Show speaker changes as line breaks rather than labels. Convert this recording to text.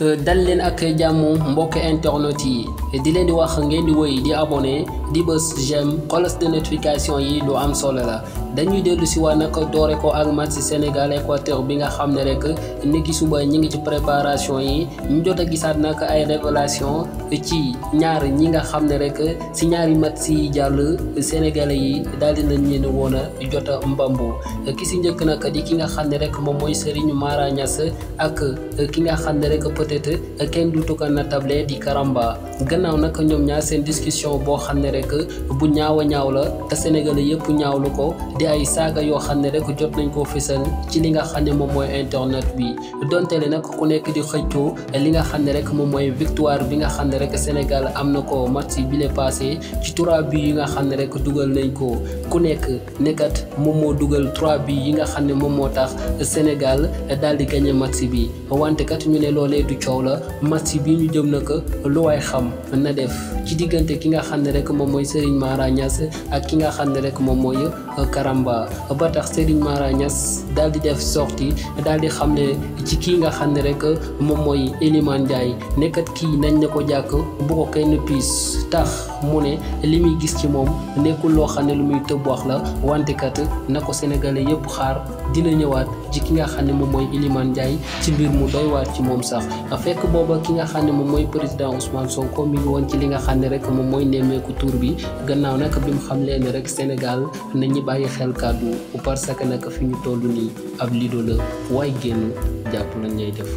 dal leen ak jàmm mbokk internet yi di leen di wax ngeen di woy di abonné di bës j'aime cloche de notification yi lu am solo la dañuy dellu si waa nag doore ko ak match Sénégal Équateur bi nga xam ne rek ni ki suba ñi ngi ci préparation yi ñu jot a gisaat nag ay révélation ci ñaar ñi nga xam ne rek si ñaari match yi jàll sénégale yi daal di nañ leen woon a jot a mbambu ki si njëkk naka di ki nga xam ne rek moom mooy Serigne Mara ak ki nga xam ne rek peut-être kenn duutu ko natable di Karamba gannaaw nag ñoom ñaar seen discussion boo xam ne rek bu ñaaw ñaaw la te sénégalais yëpp lu ko di ay saaga yoo xam ne rek jot nañ koo fësal ci li nga xam ne moom mooy internet bi donte le nag ku nekk di xëccoo li nga xam ne rek moom mooy victoire bi nga xam ne rek Sénégal am na ko match bi le passé ci trois buts yi nga xam ne rek dugal nañ ko ku nekk nekkat moom moo dugal trois buts yi nga xam ne moom moo tax Sénégal daal di gagné match coow la match bi ñu jëm na ko lu waay xam na def ci diggante ki nga xam ne rek moom mooy Serigne Mara ak ki nga xam ne rek moom mooy euh, Karamba ba tax Serigne Mara Niass daal di def sortie daal di xam ne ci kii nga xam ne rek moom mooy Elimane nekkat kii nañ ne ko jàkk bu ko kenn piis tax mu ne li muy gis ci moom nekkul loo xam ne lu muy tëb wax la wante kat na ko sénégalais yëpp xaar dina ñëwaat ci ki nga xam ne moom mooy Elimane Ndiaye ci mbir mu doy waat ci moom sax fekk booba ki nga xam ne moom mooy président Ousmane soo mi ngi woon ci li nga xam ne rek moom mooy nemmeeku tuur bi gannaaw nag bi mu xam leen rek Sénégal ñi bàyyi xel kàddu parce que nag fi ñu toll nii ab lido la waaye génn jàpp lañ lay def.